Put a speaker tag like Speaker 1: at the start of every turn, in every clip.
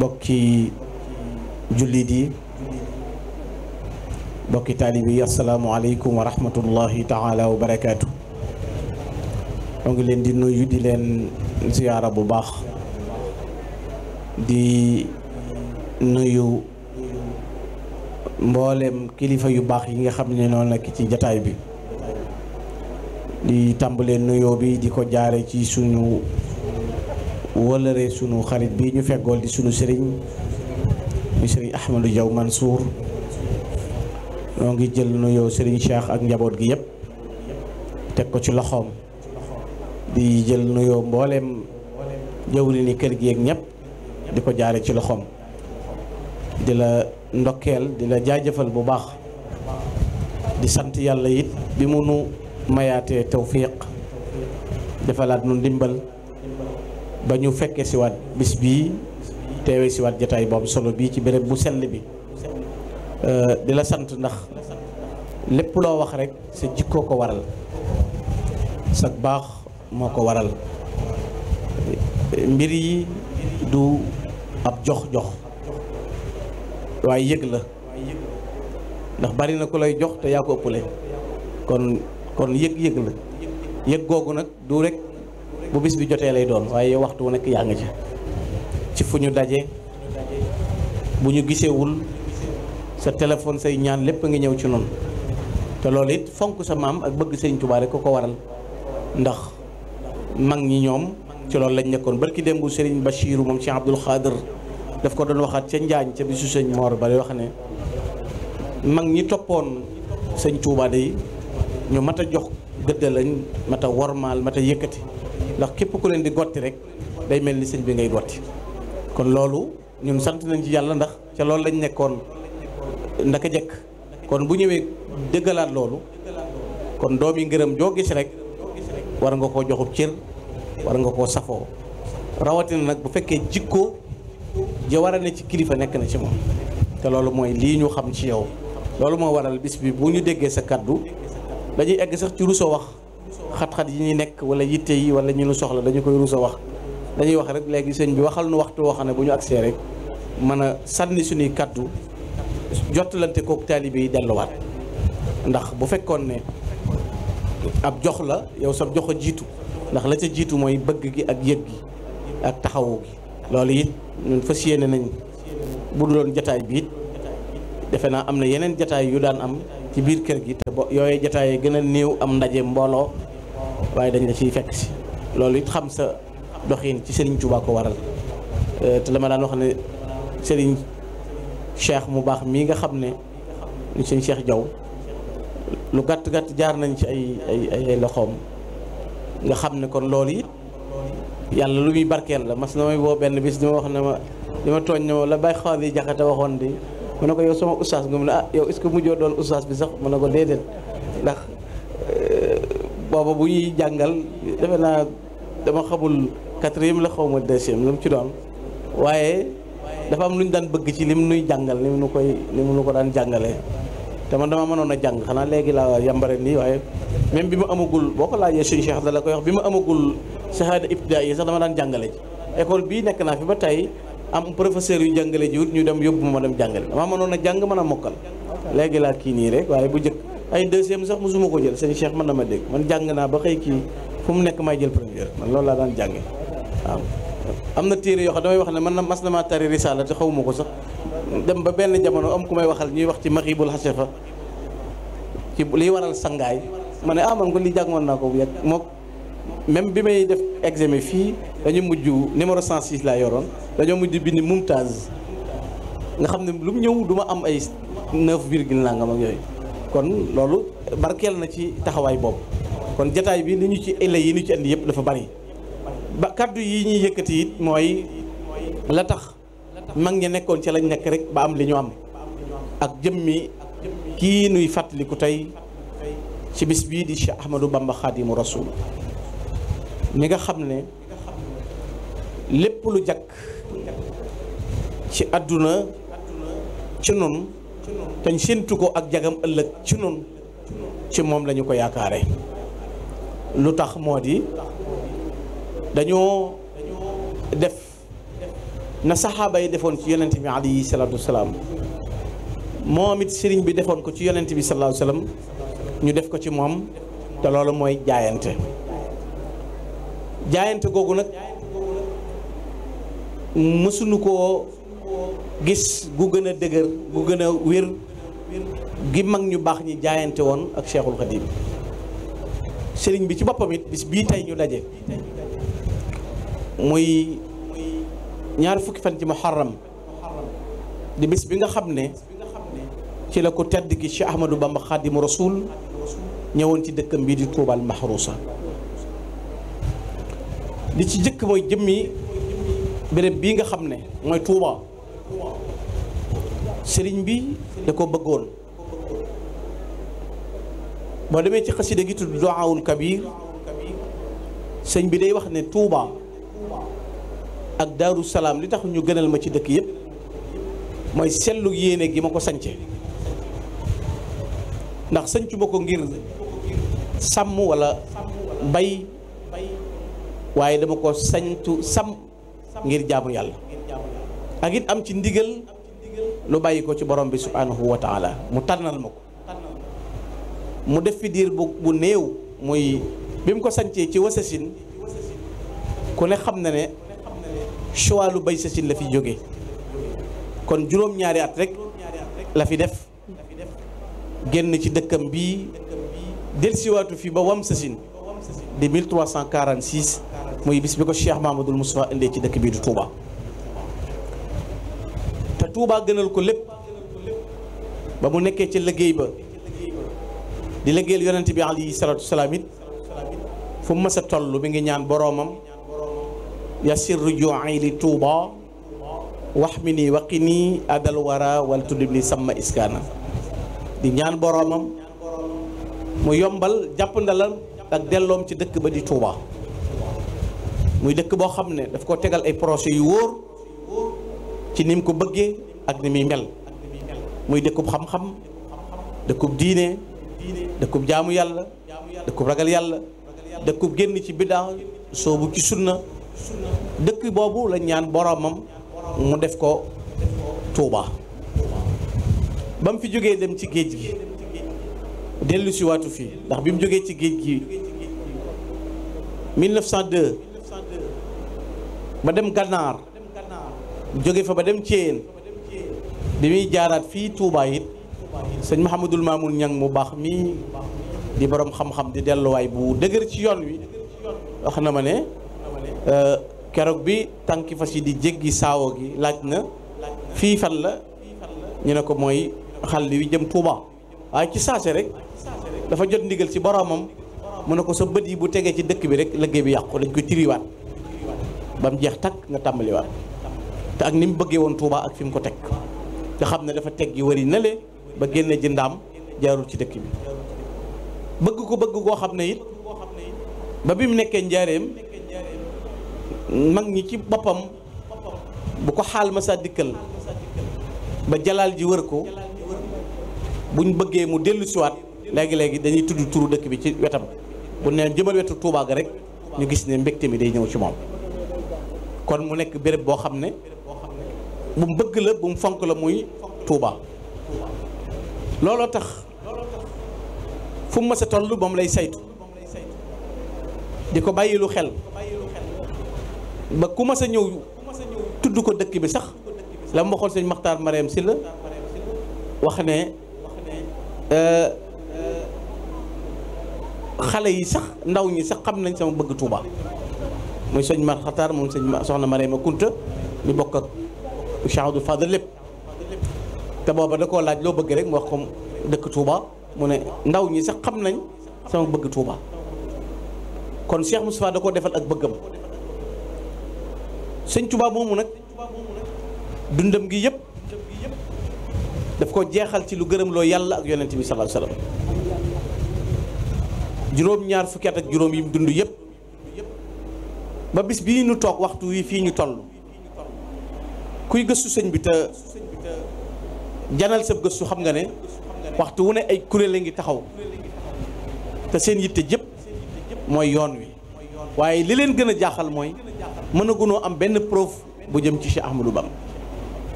Speaker 1: bokki jullit yi bokki taalib yi asalaamualeykum wa rahmatullahi taala wa barakaatu moo ngi leen di nuyu di leen ziyaara bu baax di nuyu mboolem kilifa yu baax yi nga xam ne noonu nekk ci jataay bi di tàmbalee nuyoo bi di ko jaare ci suñu wëlëree sunu xarit bi ñu feggool di sunu sëriñ di sëriñ Ahmadou Diaw moo ngi jël nuyoo sëriñ Cheikh ak njaboot gi yépp teg ko ci loxoom di jël nuyoo mbooleem jëwri ni kër gi ak ñépp di ko jaare ci loxoom di la ndokkeel di la jaajëfal bu baax di sant yàlla it bi mu nu mayaatee tawfiq defalaat nu ndimbal ba ñu fekkee siwaat bis bii teewee si waat jataay bu solo bii ci béréb bu sell bi euh, di la sant ndax lépp loo wax rek sa jikkoo ko waral sa baax moo ko waral mbir yi du ab jox jox waaye yëg la ndax bari na ko lay jox te yaa ko ëppale kon kon yëg yëg la yëg googu nag du rek bu bis bi jotee lay doon waaye waxtu wu nekk yaa ngi ca ci fu ñu daje bu ñu gisewul sa téléphone say ñaan lépp a ngi ñëw ci noonu te loolu it fonk sa maam ak bëgg sëñ Tuubaa rek ko ko waral ndax mag ñi ñoom ci loolu lañ nekkoon barki démb Serigne Bachiru moom Cheikh Abdoul Khadir daf ko doon waxaat ca Njaañ ca bisu sëñ Mor ba wax ne mag ñi toppoon sëñ Tuubaa day ñu mat a jox gëdd lañ mat a wormaal mat a yëkkati. ndax képp ku leen di gotti rek day mel ni sëñ bi ngay gotti kon loolu ñun sant nañ ci yàlla ndax ca loolu lañ nekkoon ndaka jekk kon bu ñëwee dëggalaat loolu kon doom yi ngërëm joo gis rek war nga koo joxub cër war nga koo safoo rawatina nag bu fekkee jikko ja war a ne ci kilifa nekk na ci moom te loolu mooy lii ñu xam ci yow loolu moo waral bis bi bu ñu déggee sa kàddu dañuy egg sax ci rusoo wax xat-xat yi ñuy nekk wala yitte yi wala ñu nu soxla dañu koy rusa wax dañuy wax rek léegi sëñ bi waxal nu waxtu woo xam ne bu ñu agsee rek mën a sànni suñuy kàddu jottalante kook taalibe yi delluwaat ndax bu fekkoon ne ab jox la yow sab jox a jiitu ndax la ca jiitu mooy bëgg gi ak yëg gi ak taxawu gi loolu it ñun fas yéene nañ bu doon jataay bi it defe naa am na yeneen jataay yu daan am ci biir kër gi te bo yooyu jataay gën a néew am ndaje mbooloo waaye dañ la ciy fekk si loolu it xam sa doxin ci sëriñ Touba ko waral euh, te dama daan wax ne Serigne Cheikh mu baax mii nga xam ne ñu Serigne Cheikh Diaw lu gàtt gàtt jaar nañ ci ay ay ay loxoom nga xam ne kon loolu it yàlla lu muy barkeel la mas na may boo benn bis dima wax ne ma li ma tooñ ne ma la bay xaw di jaxate waxoon di mu na ko yow sama ustaas nga mu ne ah yow est ce que mujjoo doon ustaas bi sax mu ne ko déedéet ndax euh, booba buy jàngal defe naa dama xamul quatrième la xaw ma deuxième lu mu ci doon waaye dafa am lu ñu daan bëgg ci lim nuy jàngal ni mu nu koy ni mu nu ko daan jàngalee te man dama mënoon a jàng xanaa léegi laa yambare nii waaye même bi ma amagul boo ko laajee suñu cheikh da la ko wax bi ma amagul sahaada ibtidaa yi sax dama daan jàngale école bii nekk naa tey am professeur yu jàngale jiwut ñu dem yóbbu ma dem jàngale damaa mënoon a jàng mën a mokkal léegi laa kii nii rek waaye bu jëkk ay deuxième sax mosuma ko jël sëñ Cheikh man na ma dégg man jàng naa ba xëy kii fu mu nekk may jël première man loolu laa daan jànge waaw am na téere yoo xam damay wax ne man na mas na maa tari risaala te xawuma ko sax dem ba benn jamono am ku may waxal ñuy wax ci maxibul xasefa ci liy waral sangaay ma ne ah man ko li jàngoon naa ko bu yàgg même bi may def examen fii dañu mujj numéro 106 laa yoroon dañoo mujj di bind mumtaz nga xam ne lu mu ñëw du ma am ay neuf virgule nangam ak yooyu kon loolu barkeel na ci taxawaay boobu kon jataay bi li ñu ci ëllëg yi ñu ci andi yëpp dafa bari ba kaddu yi ñuy yëkkati mooy la tax mag ñi nekkoon ci lañ nekk rek ba am li ñu jëmmi kii nuy fàttaliku tey ci bii di Cheikh Ahmadou Bamba Khadimu Rasul mi nga xam ne lépp lu jakk ci àdduna ci nun tañ séntu ko ak jagam ëllëg ci nun ci moom lañu ko yaakaare lu tax moo di dañoo def na saxaaba yi defoon ci yonent bi alayhi salaatu moom it sëriñ bi defoon ko ci yonent bi salaatu ñu def ko ci moom te loolu mooy jaayante jaayante googu nag musunu ko gis gu gëna a gu gëna wér gi mag ñu bax ñi jaayante won ak Cheikhul Khadim serigne bi ci bopam it bis bi tay ñu daje muy ñaar fukki fan ci muharram di bis bi nga xamné ci la ko tedd gi Cheikh Ahmadou Bamba khadim rasoul ñewon ci dëkkam bi di Tuubal mahrusa di ci jëk moy jëmmi béréb bii nga xam ne mooy Touba sëriñ bi da ko bëggoon boo demee ci xasida gi tudd Duaawul Kabir sëñ bi day wax ne Touba ak Daaru Salaam li tax ñu gënal ma ci dëkk yépp mooy sellu yéene gi ma ko sañce ndax sancu ma ko ngir sàmm wala bay waaye dama ko sañtu sàmm ngir jaamu yalla ak it am ci ndigal lu bayiko ci borom bi subhanahu wa taala mu tanal mako mu def fi dir bu bu néew moy bim ko sancee ci wassasin ku ne xam na ne choix lu bay sasin la fi joge kon juróom-ñaari at rek la fi def genn ci bi delsi watu fi ba wam sasin di 1346 muy bis bi ko Cheikh Mahamadul Moustapha indee ci dëkk bii di Touba te Touba gënal ko lépp ba mu nekkee ci liggéey ba di liggéeyal yonent bi alayhi salaatu salaam fu mu mës a toll mi ngi ñaan boroomam yasirru ju'i li Touba wax mi nii waqi nii adal wara wal tuddib ni samma iskaana di ñaan boroomam mu yombal jàppandalal ak delloom ci dëkk ba di Touba. muy dëkk boo xam ne daf ko tegal ay projets yu wóor ci ni mu ko bëggee ak ni muy mel muy dëkkub xam-xam dëkkub diine dëkkub jaamu yàlla dëkkub ragal yàlla dëkkub génn ci biddaa soobu ci sunna dëkk boobu la ñaan boroomam mu def ko Touba ba mu fi jógee dem ci géej gi dellu si waatu fii ndax bi mu jógee ci géej gi 1902 ba dem gànnaar jóge fa ba dem Thièyeen bi muy jaaraat fii Touba it sëñ Mahamadul Mamoun Ñang mu baax mii di boroom xam-xam di delluwaay bu dëgër ci yoon wi wax na ma ne euh, keroog bi tànki fas yi di jéggi saawoo gi laaj na fii fan la ñu ne ko mooy xal wi jëm Touba waaye ci saase rek dafa jot ndigal ci boromam. mu ne ko sa bët yi bu tegee ci dëkk bi rek liggéey bi yàqu dañ ko tiriwaat ba mu jeex takk nga tàmbaliwaat te ak ni mu bëggee woon Touba ak fi mu ko teg nga xam ne dafa teg gi wari na le ba génne ji ndaam jaarul ci dëkk bi bëgg ko bëgg koo xam ne it ba bi mu nekkee njaareem mag ñi ci boppam bu ko xaal ma saa dikkal ba jalaal ji wër ko buñ bëggee mu dellusiwaat léegi léegi dañuy tudd turu dëkk bi ci wetam bu ne jëmal wetu Touba ga rek ñu gis ne mbégte mi day ñëw ci moom kon mu nekk béréb boo xam ne bu mu bëgg la bu mu fonk la muy Touba looloo tax fu mu mës a toll moom lay saytu di ko bàyyilu xel ba ku mës a ñëw tudd ko dëkk bi sax la mu waxoon sëñ Maxtaar Mariam Sylla wax ne. Euh, xale yi sax ndaw ñi sax xam nañ sama bëgg tuuba muy sëñ Mar Xataar moom sëñ soxna Marema Kunta ñu bokk ak Cheikh Abdou Fadel lépp te booba da koo laaj loo bëgg rek mu wax ko dëkk Touba mu ne ndaw ñi sax xam nañ sama bëgg Touba kon Cheikh Moustapha da koo defal ak bëggam sëñ Touba moomu nag dundam gi yëpp daf ko jeexal ci lu gërëm loo yàlla ak yonent bi sallallahu alayhi juróom-ñaar fukki ak juróom yi mu dund yépp ba bis bii ñu toog waxtu wi fii ñu toll kuy gëstu sëñ bi te janal sab gëstu xam nga ne waxtu wu ne ay kuréel a ngi taxaw te seen yitte jëpp mooy yoon wi waaye li leen gën a jaaxal mooy mën a gunoo am benn preuve bu jëm ci Cheikh Ahmadou Bam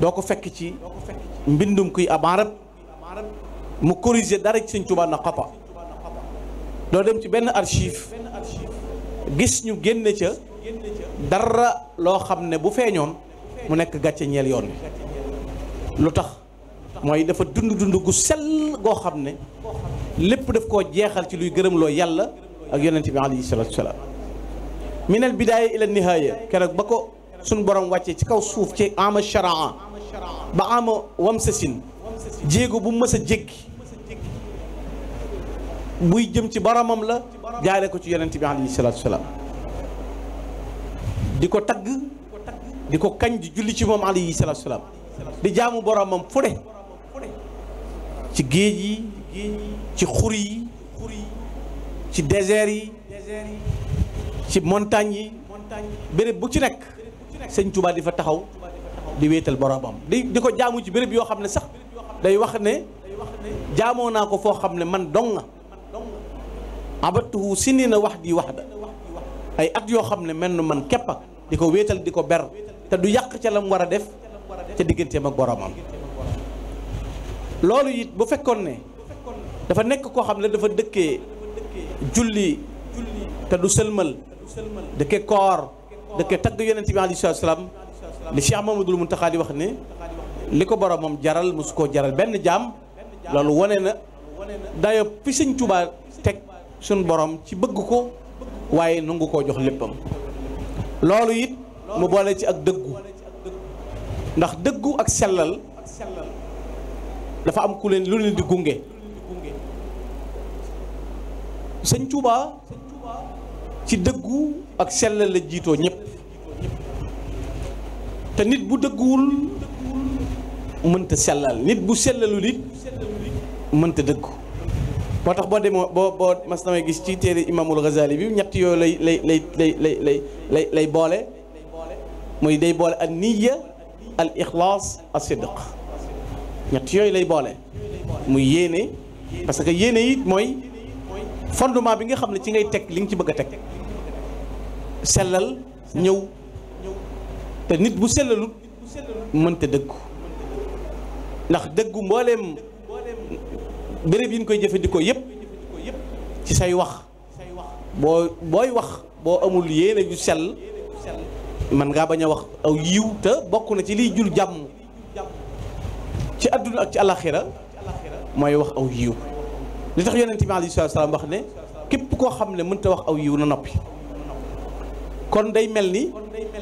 Speaker 1: doo ko fekk ci mbindum kuy ab arab mu corriger dara ci sëñ xoppa doo dem ci benn archive gis ñu génne ca dara loo xam ne bu feeñoon mu nekk gàcce ñeel yoon bi lu tax mooy dafa dund dund gu sell goo xam ne lépp daf koo jeexal ci luy gërëm loo yàlla ak yonent bi wa salaatu wasalaam minal bidaaya ila nihaaya keroog ba ko suñ borom wàccee ci kaw suuf ci ama sharaa ba ama wamsasin jéego bu mës a jéggi buy jëm ci boromam la jaare ko ci yonent bi alayhi salaatu salaam di ko tagg di ko kañ di julli ci moom alayhi salaatu salaam di jaamu boromam fu ne ci géej yi ci xur yi ci désert yi ci montagne yi béréb bu ci nekk sëñ Tuubaa di fa taxaw di wéetal boromam di di ko jaamu ci béréb yoo xam ne sax day wax ne jaamoo naa ko foo xam ne man dong nga si abatuhu na wax di wax da ay at yoo xam ne mel na man képp di ko wéetal di ko ber te du yàq ca lam war a def ca digganteem ak boromam loolu it bu fekkoon ne dafa nekk koo xam ne dafa dëkke julli te du sëlmal dëkke koor dëkke tagg yonent bi alayhi salaatu salaam li Cheikh Mamadul Muntaxa di wax ne li ko boromam jaral mosu koo jaral benn jaam loolu wane na dayo fi sëñ Tuubaa suñ borom ci bëgg ko waaye nangu koo jox léppam loolu it mu boole ci ak dëggu ndax dëggu ak sellal dafa am ku leen lu leen di gunge sëñ Tuuba ci dëggu ak sellal la jiitoo ñëpp te nit bu dëgguwul mënta sellal nit bu sellalul it mënta dëggu motax bo demo bo bo boo mas na may gis ci téere Imaamul Ghazali bi ñett yo lay lay lay lay lay lay lay lay bolé muy day bolé an niyya al ikhlas as sidq ñett yo lay bolé muy yéné parce que yéné yi moy fondement bi nga xamné ci ngay tek li nga ci bëgg tek teg sellal ñëw te nit bu sellalut mënta dëggu ndax dëggu mbolém béréb yi ñu koy jëfandikoo yëpp ci say wax boo booy wax boo amul yéene ju sel man ngaa bañ a wax aw yiw te bokk na ci liy jur jàmm ci àdduna ak ci alaxira mooy wax aw yiw li tax yonent bi alayhi salaam wax ne képp koo xam ne mënta wax aw yiw na noppi kon day mel ni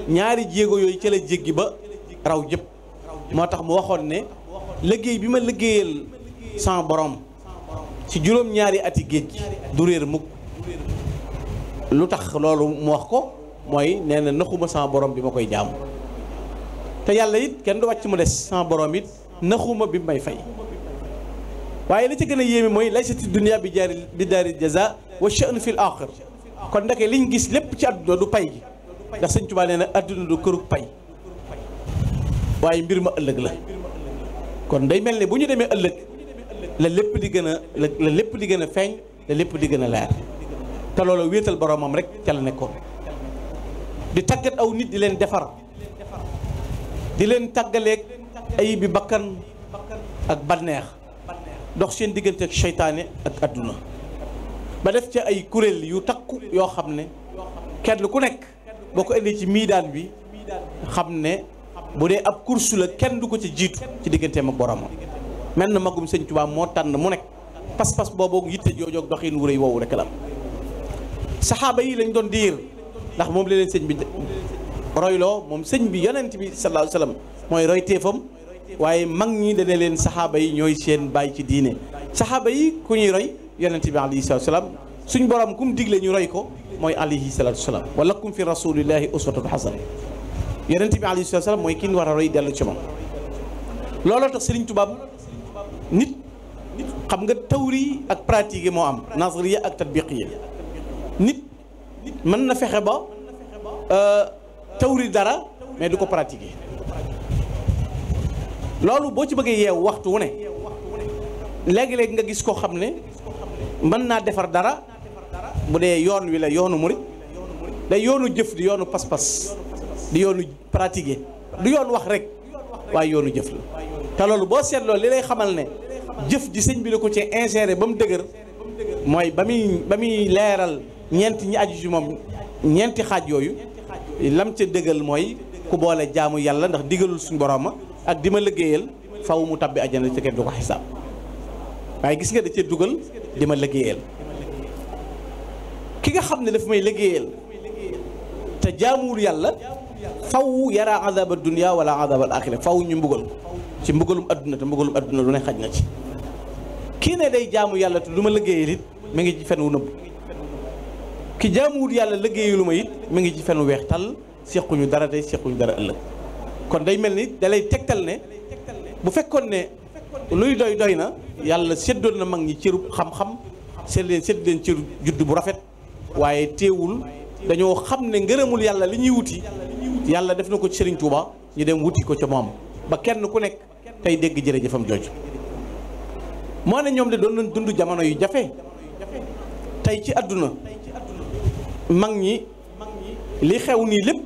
Speaker 1: ñaari jéego yooyu ca la jéggi ba raw jëpp moo tax mu waxoon ne liggéey bi ma liggéeyal sama borom ci juróom-ñaari ati géej gi du réer mukk lu tax loolu mu wax ko mooy nee na naxuma sama borom bi ma koy jaamu te yàlla it kenn du wàcc mu des sama borom it naxuma bi may fay waaye la ci gën a yéeme mooy laysati dunia bi jaari bi daari jaza wa sha'nu fil axir kon ndeke liñ gis lépp ci àdduna du pay gi ndax sëñ Tuubaa nee na àdduna du këru pay waaye mbir ma ëllëg la kon day mel ne bu ñu demee ëllëg la lépp di gën a la lépp di gën a feeñ la lépp di gën a leer te loolu wéetal boromam rek ca la nekkoon di tàggat aw nit di leen defar di leen tàggaleeg ayib bi bakkan ak banneex dox seen diggante ak seytaane ak àdduna ba def ca ay kuréel yu takku yoo xam ne kenn ku nekk boo ko indee ci miidaan bi xam ne bu dee ab kursu la kenn du ko ci jiitu ci digganteem ak boromam mel na magum sëñ Tuubaa moo tànn mu nekk pas-pas boobu yitte joojoog doxiin wu rëy woowu rek la am saxaaba yi lañ doon diir ndax moom la leen sëñ bi loo moom sëñ bi yonent bi sallallahu alayhi wasallam mooy roy teefam waaye mag ñi dana leen saxaaba yi ñooy seen bàyyi ci diine saxaaba yi ku ñuy roy yonent bi alayhi salaatu salaam suñ borom kum digle ñu roy ko mooy alayhi salaatu salaam wa lakum fi rasulillahi uswatun hasana yonent bi alayhi salaatu salaam mooy kii war a roy dellu ci moom looloo tax sëriñ tubaab nit xam nga tawri ak pratique yi moo am nazariya ak tatbiqiya nit mën na fexe ba tawri dara mais du ko pratiquer loolu boo ci bëggee yeew waxtu wu ne léegi-léegi nga gis koo xam ne mën naa defar dara bu dee yoon wi la yoonu murit day yoonu jëf di yoonu pas-pas di yoonu pratiquer du yoon wax rek waaye yoonu jëf la te loolu boo seetloo li lay xamal ne jëf ji sëñ bi da ko ci inséré ba mu dëgër mooy ba muy ba muy leeral ñeenti ñi aju ci moom ñeenti xaaj yooyu lam ca dëgal mooy ku boole jaamu yàlla ndax digalul suñu borom ma ak di ma liggéeyal faw mu tabbi àjjana ci kenn du ko xisaab waaye gis nga da cee dugal di ma liggéeyal ki nga xam ne daf may liggéeyal te jaamuwul yàlla faw yaraa azaba dunia wala azaba al axira faw ñu mbugal ci mbugalum adduna te mbugalum adduna lu ne xaj na ci kii ne day jaamu yàlla te du ma liggéeyal it mi ngi ci fen wu nëbb ki jaamuwut yàlla lu ma it mi ngi ci fen wu weex tal sequñu dara tey sequñu dara ëllëg kon day mel ni dalay tegtal ne bu fekkoon ne luy doy doy na yàlla séddoon na mag ñi cërub xam-xam sédd leen sédd leen cërub judd bu rafet waaye teewul dañoo xam ne ngërëmul yàlla li ñuy wuti yàlla def na ko ci Serigne Touba ñu dem wuti ko ca moom ba kenn ku nekk tey dégg jëfam jooju. moo ne ñoom de doon nañ dund jamono yu jafe tey ci àdduna mag ñi li xew nii lépp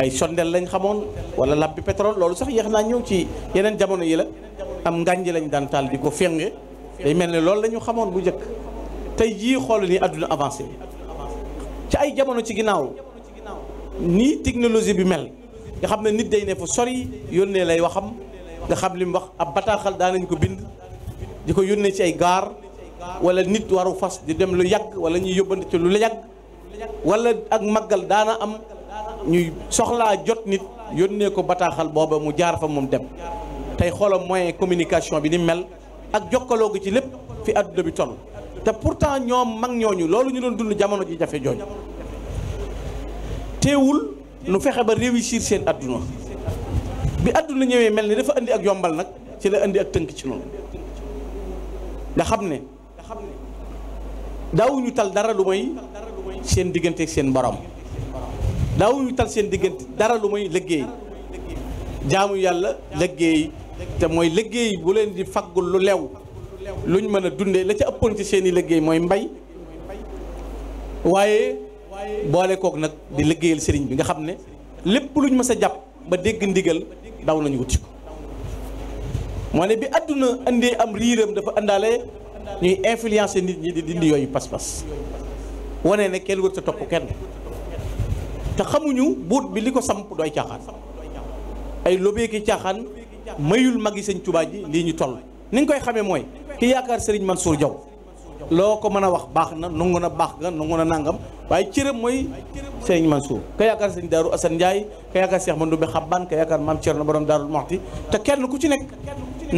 Speaker 1: ay sondeel lañ xamoon wala làmpi pétrole loolu sax yéex naa ñëw ci yeneen jamono yi la am ngànji lañ daan taal di ko fénge day mel ne loolu la xamoon bu njëkk tey jii xool ni àdduna avancé ci ay jamono ci ginnaaw nii technologie bi mel nga xam ne nit day ne fu sori yónnee lay waxam nga xam li mu wax ab bataaxal daanañu ko bind di ko yónnee ci ay gaar wala nit waru fas di dem lu yàgg wala ñuy yóbbante ci lu la yàgg wala ak maggal daana am ñuy soxlaa jot nit yónnee ko bataaxal booba mu jaar fa moom dem tey xoolam moyen communication bi ni mel ak jokkaloo gi ci lépp fi adduna bi toll te pourtant ñoom mag ñooñu loolu ñu doon dund jamono ji jafe jooju teewul nu fexe ba réussir seen àdduna bi àdduna ñëwee mel ni dafa indi ak yombal nag ci la indi ak tënk ci noonu nga xam ne daawuñu tal dara lu may seen diggante seen borom daawuñu tal seen diggante dara lu may liggéey jaamu yàlla liggéey te mooy liggéey bu leen di faggul lu lew luñ mën a dundee la ca ëppoon ci seeni i liggéey mooy mbay waaye boole kook nag di liggéeyal sëriñ bi nga xam ne lépp luñ mës a jàpp ba dégg ndigal daw nañu wuti ko moo ne bi àdduna indee am riiram dafa àndaale ñuy influencer nit ñi di dindi yooyu pas-pas wane ne kenn wër sa topp kenn te xamuñu buut bi li ko samp dooy caaxaan ay lobeeki caaxaan mayul mag magi sëñ Tuubaa ji lii ñu toll ni nga koy xamee mooy ki yaakaar man Mansour Diaw loo ko mën a wax baax na nangu na baax nga nangu na nangam waaye cëram mooy Serigne Mansour ka yaakaar Serigne Darou Assane Ndiaye ka yaakaar Cheikh Mandoumbe Xabbaan ka yaakaar maam Thierno borom Darou Moxti te kenn ku ci nekk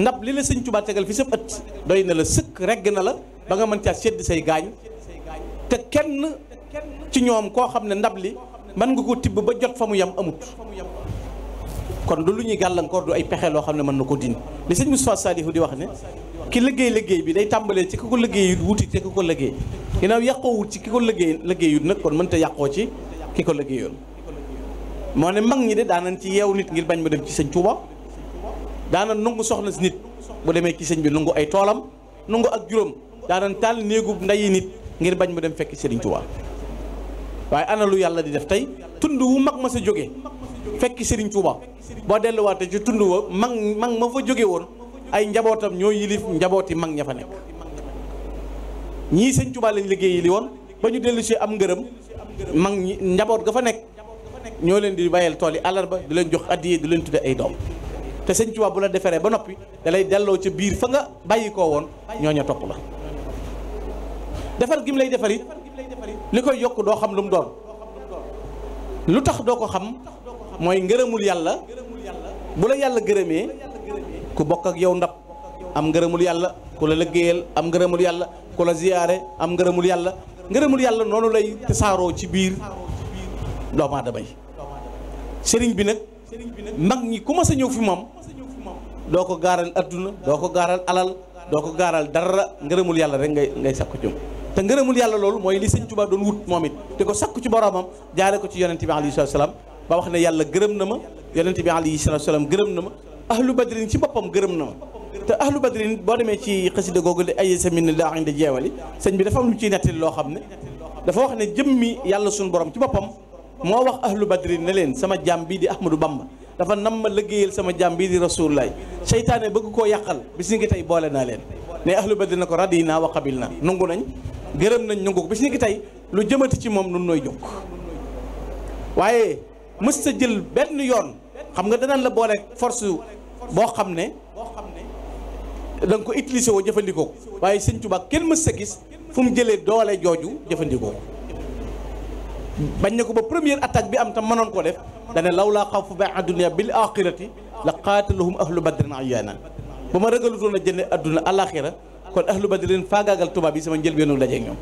Speaker 1: ndab li la Serigne Touba tegal fi sëpp ëtt doy na la sëkk regg na la ba nga mën caa sedd say gaañ te kenn ci ñoom koo xam ne ndab li mën nga ko tibb ba jot fa mu yam amut kon du lu ñuy gàllankoor du ay pexe loo xam ne mën na ko dindi li sëñ Moustapha Salihu di wax ne ki liggéey liggéey bi day tàmbalee ci ku liggéey wuti te ku ko liggéey ginnaaw yàqoowul ci ki ko liggéey liggéeyut nag kon mënta yàqoo ci ki ko liggéeyoon moo ne mag ñi de daanañ ci yeew nit ngir bañ mu dem ci sëñ Tuuba daana nungu soxna si nit bu demee ci sëñ bi nungu ay toolam nungu ak juróom daanañ taal néegu ndayi nit ngir bañ mu dem fekk sëriñ Tuuba waaye ana lu yàlla di def tey tund wu mag ma sa jóge fekk sëriñ Tuuba boo delluwaatee ci tund wa mag mag ma fa jóge woon ay njabootam ñoo yilif njabooti mag ña fa nekk ñii sëñ Tuubaa lañ liggéeyi li woon ba ñu dellu si am ngërëm mag ñi njaboot ga fa nekk ñoo leen di bàyyil tool yi ba di leen jox addiye di leen tudde ay doom te sëñ Tuubaa bu la defaree ba noppi dalay delloo ca biir fa nga bàyyi koo woon ñooña topp la defar gim lay defar li koy yokk doo xam lu mu doon lu tax doo ko xam mooy ngërëmul yàlla bu la yàlla gërëmee ku bokk ak yow ndab am ngërëmul yàlla ku la liggéeyal am ngërëmul yàlla ku la ziyaare am ngërëmul yàlla ngërëmul yàlla noonu lay tasaaroo ci biir doomu aadama yi sëriñ bi nag mag ñi ku ma sa ñëw fi moom doo ko gaaral adduna doo ko gaaral alal doo ko gaaral dara ngërëmul yàlla rek ngay ngay sakku ci te ngërëmul yàlla loolu mooy li sëñ Tuubaa doon wut moom it te ko sakku ci boroomam jaare ko ci yonente bi alayhi salatu salaam ba wax ne yàlla gërëm na ma yonente bi alayhi salatu gërëm na ma ahlu badrin ci boppam gërëm na te ahlu badrin boo demee ci xasida googu di ay sa min daa indi jeewali sëñ bi dafa lu ciy nettali loo xam ne dafa wax ne jëmmi yàlla suñu boroom ci boppam moo wax ahlu badrin ne leen sama jaam bii di ahmadou bamba dafa nam ma liggéeyal sama jaam bii di rasulullaay seytaane bëgg koo yàqal bis ñi ngi tey boole naa leen ne ahlu badrin na ko radina wax qabil na nungu nañ gërëm nañ nungu ko bis ñi ngi tey lu jëmati ci moom nun nooy jóg waaye mës ta jël benn yoon xam nga danaan la boole force boo xam ne da nga ko utiliser woo jëfandikoo ko waaye sëñ Tuubaa kenn mës sa gis fu mu jëlee doole jooju jëfandikoo ko bañ ko ba première attaque bi am tam mënoon koo def dane law laa xawfu bi addunia bil axirati la qaatalahum ahlu badrin na ba ma ragalutoon a jënd adduna alaxira kon ahlu badrin faagaagal tubaab yi sama njëlbeenu daje ak ñoom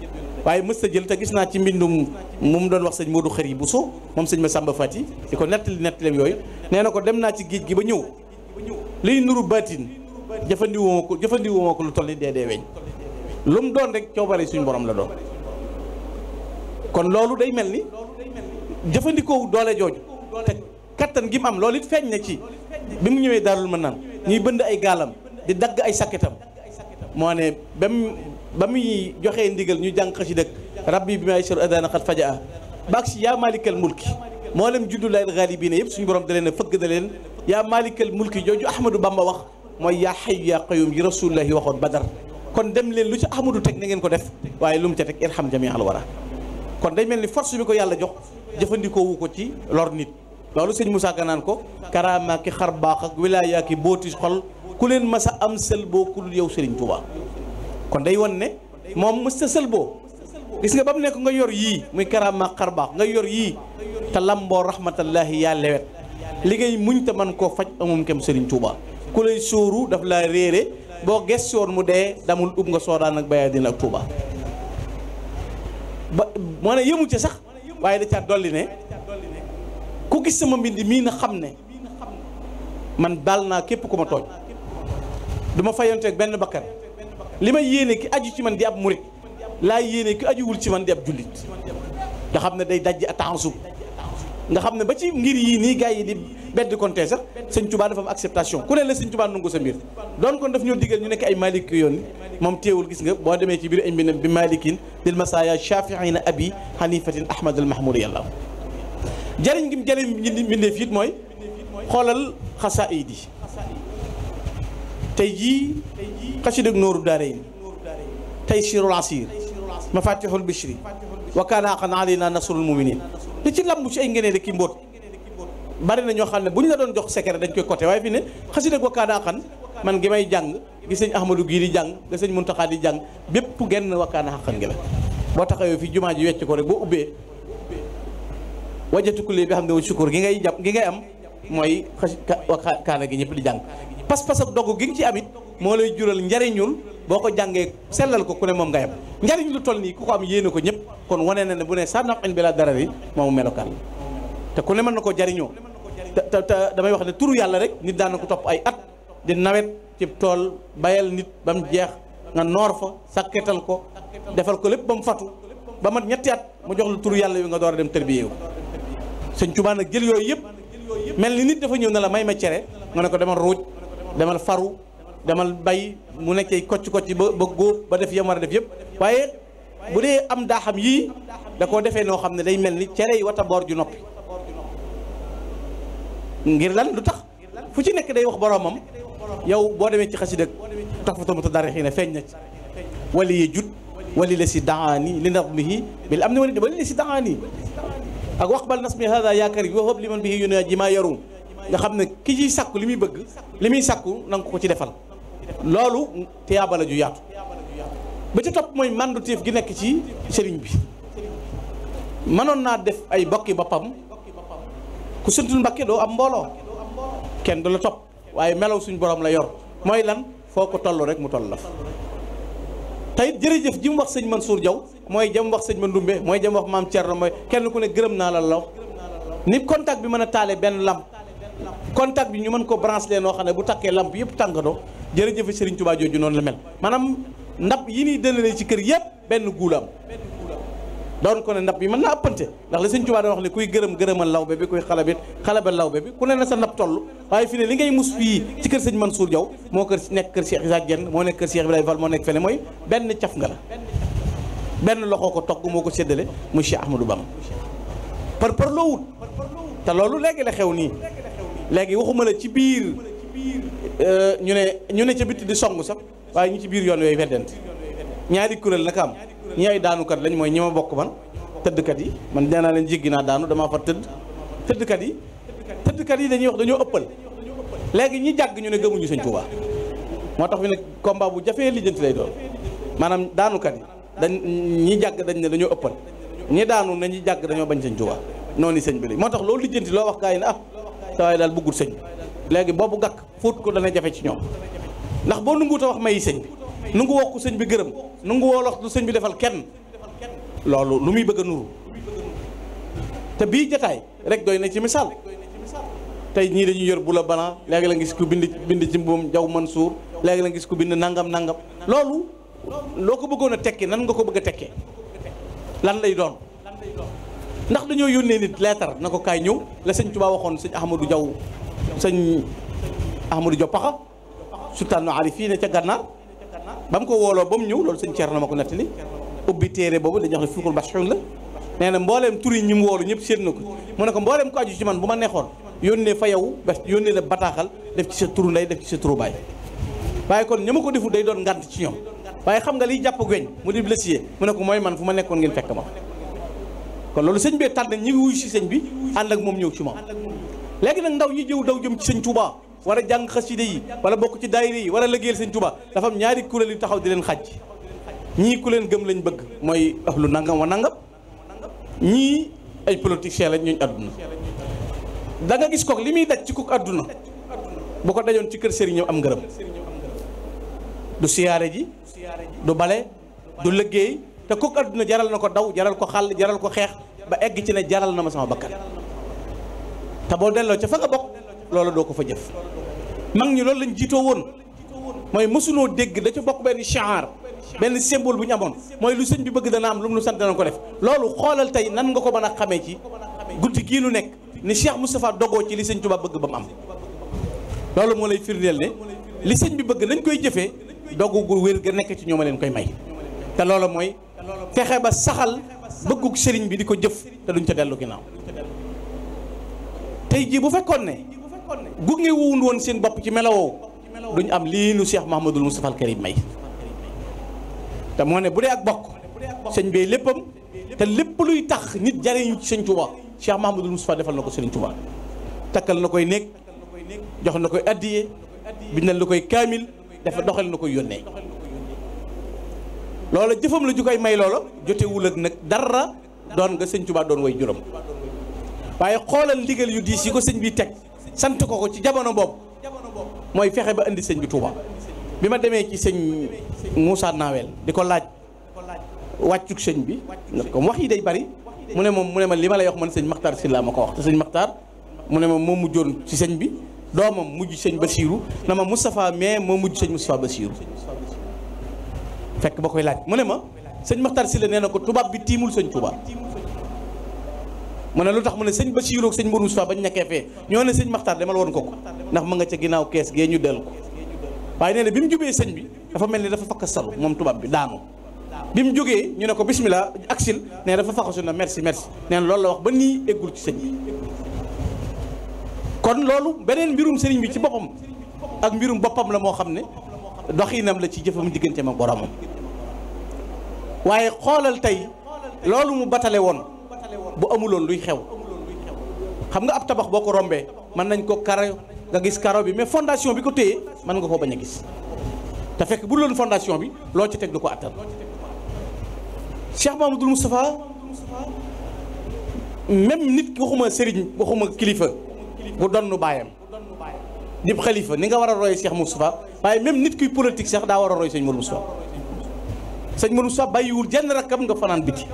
Speaker 1: waaye mës sa jël te gis naa ci mbindum mu mu doon wax sëñ Modou Xari Bousso moom sëñ ma Samba Fati di ko nettali nettaleem yooyu nee na ko dem naa ci géej gi ba ñëw liy nuru baatin jëfandiwuma ko jëfandiwuma ko lu toll ni dee dee weñ lu mu doon rek coobare suñu borom la doon kon loolu day mel ni jëfandikoo doole jooju te kattan gi mu am lool it feeñ na ci bi mu ñëwee daarul mën naan ñuy bënd ay gaalam di dagg ay sakketam moo ne ba mu ba muy joxee ndigal ñu jàng xasi dëkk rabbi bi may sor adana xat faja a ba ak si yaa maalikal mulki moo leen juddu laay xaalibiina yëpp suñu borom da leen a fëgg da leen yaa maalikal mulki jooju Ahmadou Bamba wax mooy yaa xay yaa qayum ji rasulullahi waxoon badar kon dem leen lu ci ahmadu teg na ngeen ko def waaye lu mu ca teg irham jami al wara kon day mel ni force bi ko yàlla jox jëfandikoo wu ko ci lor nit loolu sëñ Moussa Ka naan ko karaama ki xar baax ak wilaya ki booti xol ku leen mas a am sëlboo ku dul yow Serigne Touba kon day won ne moom mës ta sëlboo gis nga ba mu nekk nga yor yii muy karaama xar baax nga yor yii te lamboo rahmatallahi yaa lewet li ngay muñ te man koo faj amum kem Serigne Touba ku lay sóoru daf laa réere boo gees gestoon mu dee damul ub nga soodaan ak bayaa dina ak Tuuba moo ne yëmu ca sax waaye da caa dolli ne ku gis sama mbind mii na xam ne man baal naa képp ku ma tooñ duma fayanteeg benn bakkan li ma yéene ki aju ci man di ab murit laa yéene ki ajuwul ci man di ab jullit nga xam ne day dajj a taxansub nga xamne ba ci ngir yi ni gaay yi di bedd konte seigne touba dafa am acceptation ku ne la seigne touba nangu sa mbir don kon daf ñu digal ñu nek ay malik yoon mom teewul gis nga bo deme ci bir ay mbindam bi malikin lil masaya shafi'in abi hanifatin ahmad al mahmouda allah jëriñ gi mu jëriñ mbindeef it mooy xoolal xasaayid yi tey jii xasidag nooru daarayn tey sirul asir mafatihul bishri وكان kana علينا نصر المؤمنين li ci lamb ci ay ngenee de ki bari na ñoo xam ne bu ñu la doon jox secret dañ koy côté waaye fi ne xasida wakkaana xan man gi may jàng gi sëñ ahmadou gii di jàng gi sëñ muntaxaa di jàng bépp genn wakkaana xaqan gi la boo taxawee fi jumaa ji wecc ko rek boo ubbee wajatukulee bi xam ne wa sukur gi ngay jàpp gi ngay am mooy xas kaana gi ñëpp di jàng pas-pas ak dogg gi nga ci amit moo lay jural njariñul boo ko jàngee sellal ko ku ne moom nga yem njariñ lu toll nii ku ko am yéene ko ñëpp kon wane na ne bu ne sa naqin bi la dara yi moomu melokaan te ku ne mën na ko jariñoo te damay wax ne turu yàlla rek nit daan ko topp ay at di nawet ci tool bayal nit ba jeex nga noor fa sakketal ko defal ko lépp ba mu fatu ba mat ñetti at mu jox lu turu yàlla wi nga door a dem tërbiyee wu sëñ Tuubaa nag yëpp mel ni nit dafa ñëw na la may ma cere nga ne ko demal ruuj demal faru demal bay mu nekkee kocc kocc ba ba góob ba def yam war a def yépp waaye bu dee am daaxam yii da koo defee noo xam ne day mel ni cere yi wata boor ju noppi ngir lan lu tax fu ci nekk day wax boromam yow boo demee ci xasida Tuhfatul Muttadarrixiina feeñ na ci wala yi jut wali la si daani li nadmihi bil am ni wali wali la si daani ak wax bal nasmi hada yaakar yi wa hab liman bihi yunaji ma yarum nga xam ne ki ciy sakku li muy bëgg li muy sakku na nga ko ci defal loolu tiyaaba la ju yaatu ba ca topp mooy màndu téef gi nekk ci sëriñ bi mënoon naa def ay bokki boppam ku sëntul mbakke doo am mbooloo kenn du la topp waaye melow suñ borom la yor mooy lan foo ko toll rek mu toll la fa tey jërëjëf ji mu wax sëñ suur Diaw mooy jëm wax sëñ Mandoumbe mooy jëm wax maam na mooy kenn ku ne gërëm naa la law ni contact bi mën a taale benn lam contact bi ñu mën ko branché noo xam ne bu takkee lamp yëpp tàngadoo jërëjëf Serigne Touba jooju noonu la mel maanaam ndab yi ñuy dënalee ci kër yëpp benn guulaam doon ko ne ndab yi man naa ëppante ndax la Serigne Touba da wax ne kuy gërëm gërëmal lawbe bi kuy xalabit xalabal lawbe bi ku ne na sa ndab toll waaye fi ne li ngay mus fii ci kër sëñ Mansour jow moo kër si nekk kër Cheikh Issa Diène moo nekk kër Cheikh Ibrahima Fall moo nekk fene mooy benn caf nga la benn loxoo ko togg ko séddale mu Cheikh Ahmadou Bam par par loo te loolu léegi la xew nii léegi waxuma la ci biir euh, ñu ne ñu ne ca bitt di song sax waaye ñu ci biir yoon yooyu weddent ñaari kurel naka am ñi ay daanukat lañ mooy ñi ma bokk man tëddkat yi man de naa leen jéggi naa daanu damaa fa tëdd tëddkat yi tëddkat yi dañuy wax dañoo ëppal léegi ñi jàgg ñu ne gëmuñu sëñ Tuubaa moo tax fi ne combat bu jafee lijjanti lay doon maanaam daanukat yi dañ ñi jàgg dañ ne dañoo ëppal ñi daanu ne ñi jàgg dañoo bañ sëñ Tuubaa noonu sëñ bi la moo tax loolu lijjanti loo wax yi ne ah waaye daal bëggul sëñ léegi boobu gàkk fóot ko dana jafe ci ñoom ndax boo nanguwut a wax mayi sëñ nangu wax ko sëñ bi gërëm nangu woolox lu sëñ bi defal kenn lu muy bëgg a nuru bii jataay rek doy na ci misaal tey ñii dañuy yor bu bana léegi la gis bind bind ci moom jaw Mansour léegi la gis ku bind nangam nangam loolu loo ko bëggoon a tekki nan nga ko bëgg a tekkee lan lay doon ndax dañoo yónnee nit leetar na ko kaay ñëw la sëñ Tuubaa waxoon sëñ Ahmadou Diaw sëñ Ahmadou Diaw Paxa sultaanu Ali fii ne ca gànnaar ba mu ko wooloo ba mu ñëw loolu sëñ Ceerno ma ko nettali ubbi téere boobu dañuy wax ne Fuqul la nee na mbooleem tur yi woolu ñëpp séen na ko ne ko ko aju bu ma neexoon yónnee fa yow ba yónnee la bataaxal def ci sa turu ndey def ci sa turu baay waaye kon ña ma ko defu day doon ngànt ci ñoom waaye xam nga lii jàpp weñ mu di blessé mu ne ko mooy man fu ma nekkoon ngeen fekk ma kon lolu sëñ bi tànn ñi wuy ci si bi and ak mom ñew ci mom legi nak ndaw yi jëw daw jëm ci sëñ Touba war jang jàng yi wala bok ci daayira yi wala liggéeyal sëñ Touba dafa am ñaari kulal yu taxaw di len xajj ñi ku len gëm lañ bëgg mooy ahlu nangam wa nangam ñi ay politiciens lañ ñu aduna da nga gis kook li muy daj ci kook aduna bu ko dajon ci kër sëriñam am ngërëm du siyaré ji du balé du leggey te kook aduna jaral nako daw jaral ko xal jaral ko xex ba egg ci ne jaral na ma sama bakkan te boo delloo ca fa nga bokk loolu doo ko fa jëf mag ñi loolu lañ jiitoo woon mooy mosunoo dégg da ca bokk benn chaar benn symbole bu ñu amoon mooy lu sëñ bi bëgg dana am lu mu sant dana ko def loolu xoolal tey nan nga ko mën a xamee ci guddi gii lu nekk ni Cheikh Moustapha dogoo ci li sëñ Tuubaa bëgg ba mu am loolu moo lay firndeel ne li sëñ bi bëgg nañ koy jëfee dogu gu wér ga nekk ci ñoo ma leen koy may te loolu mooy fexe ba saxal bëggug sëriñ bi di ko jëf te duñ ca dellu ginnaaw tey jii bu fekkoon ne gunge wuwul woon seen bopp ci melowoo duñ am lii lu seex Mahamadul Moustapha al Karim may te moo ne bu dee ak bokk sëñ bee léppam te lépp luy tax nit jariñu ci sëñ Touba Cheikh Mahamadul Moustapha defal na ko sëriñ Touba takkal na koy nekk jox na koy addiyee bi na lu koy kaamil dafa doxal na koy yónnee loola jëfam la ju koy may loola jotewul ak nag dara doon nga sëñ Tuubaa doon way juróom waaye xoolal ndigal yu diis yi ko sëñ bi teg sant ko ko ci jamono boobu mooy fexe ba indi sëñ bi Tuubaa bi ma demee ci sëñ Moussa Nawel di ko laaj wàccug sëñ bi nag comme wax yi day bari mu ne moom mu ne ma li ma lay wax man sëñ si laa ma ko wax te sëñ Maxtaar mu ne ma moo mujjoon ci sëñ bi doomam mujj sëñ Basiiru na ma Moustapha mais moo mujj sëñ Moustapha Basiiru fekk ba koy laaj mu ne ma sëñ Maxtar Sylla nee na ko tubaab bi tiimul sëñ Tuubaa mu ne lu tax mu ne sëñ ba ak sëñ Mbour Moustapha bañ nekkee fee ñoo ne sëñ Maxtar demal woon ko ko ndax ma nga ca ginnaaw kees gee ñu del ko waaye nee bi mu jubee sëñ bi dafa mel ni dafa fakk salu moom tubaab bi daanu bi mu jógee ñu ne ko bismillah aksil ne dafa faxasu na merci merci neen na loolu la wax ba nii eggul ci sëñ bi kon loolu beneen mbirum sëñ bi ci boppam ak mbirum boppam la moo xam ne doxinam la ci jëfam diggante ma boromam waaye xoolal tey loolu mu batale woon bu amuloon luy xew xam nga ab tabax boo ko rombee mën nañ ko kare nga gis karo bi mais fondation bi ko téye mën nga koo bañ a gis te fekk bu loon fondation bi loo ci teg du ko attan Cheikh Mamadou Moustapha même nit waxuma sëriñ waxuma kilifa bu donnu baayam dib xalifa ni nga war a roy Cheikh Moustapha waaye même nit kuy politique sax daa war a roy sëñ Modou Moustapha sëñ Modou Moustapha bàyyiwul jenn rakkam nga fanaan biti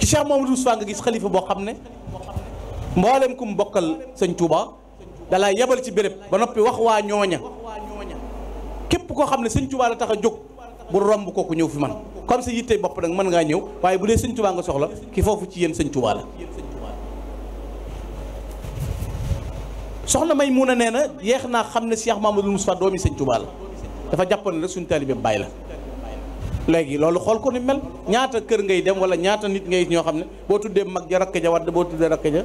Speaker 1: ci Cheikh Mamadou Moustapha nga gis xalifa boo xam ne mboolem ku mu bokkal sëñ Touba dalaa yebal ci béréb ba noppi wax waa ñooña képp koo xam ne sëñ Touba la tax a jóg bu romb kooku ñëw fi man comme sa yittey bopp nag mën ngaa ñëw waaye bu dee sëñ Touba nga soxla ki foofu ci yéen sëñ Touba la soxla may mun a nee na yeex naa xam ne Cheikh Mamadou Moustapha doomi Sëñ Tuubaa la dafa jàppoon rek suñu bu bàyyi la léegi loolu xool ko ni mel ñaata kër ngay dem wala ñaata nit ngay ñoo xam ne boo tuddee mag ja rakk ja wadd boo tuddee rakk ja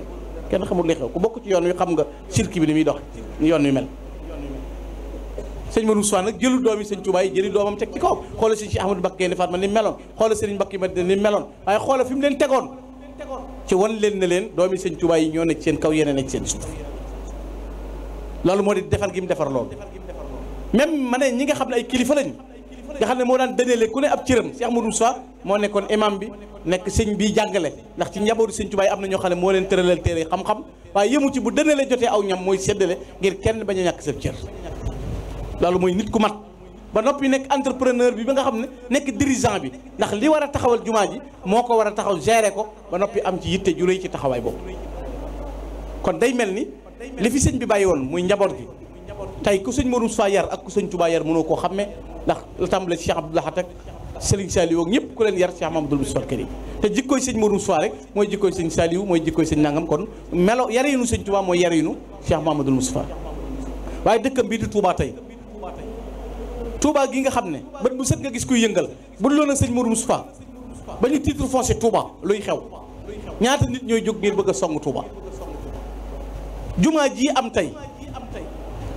Speaker 1: kenn xamul li xew ku bokk ci yoon wi xam nga sirki bi ni muy dox yoon wi mel sëñ Manou Sow nag jëlu doom yi sëñ Touba yi jëli doomam teg ci kaw xoola sëñ Cheikh Ahmadou Mbacké Fatma ni meloon xoola sëriñ Mbacké Madina ni meloon waaye xoola fi mu leen tegoon ci wan leen ne leen doom yi sëñ Touba yi seen kaw yeneen nekk seen suuf loolu moo di defar gi mu defar loolu même ma ne ñi nga xam ne ay kilifa lañ nga xam ne moo daan dëneele ku ne ab cëram Cheikh Modou Moussa moo nekkoon imam bi nekk sëñ bi jàngale ndax ci njabootu sëñ Tuubaa am na ñoo xam ne moo leen tëralal téere xam-xam waaye yëmu ci bu dëneele jotee aw ñam mooy séddale ngir kenn bañ a ñàkk sa cër loolu mooy nit ku mat ba noppi nekk entrepreneur bi ba nga xam ne nekk dirigeant bi ndax li war a taxawal jumaa ji moo ko war a taxaw gérer ko ba noppi am ci yitte ju ci taxawaay boobu kon day mel ni li fi sëñ bi bàyyi woon muy njaboot gi tey ku sëñ Modou Moustapha yar ak ku sëñ Touba yar mënoo koo xàmme ndax la tàmbale Cheikh Abdou Lahad ak Serigne Saliou ak ñëpp ku leen yar Cheikh Mamadou Moustapha Karim te jikkooy sëñ Modou Moustapha rek mooy jikkooy sëñ Saliou mooy jikkooy sëñ nangam kon melo yarinu sëñ Touba mooy yarinu Cheikh Mamadou Moustapha waaye dëkkam bii di Touba tey Touba gi nga xam ne bët bu set nga gis kuy yëngal bu dul sëñ Modou Moustapha ba ñu titre foncier xew ñaata nit ñooy jóg ngir bëgg a song Touba jumaa ji am tey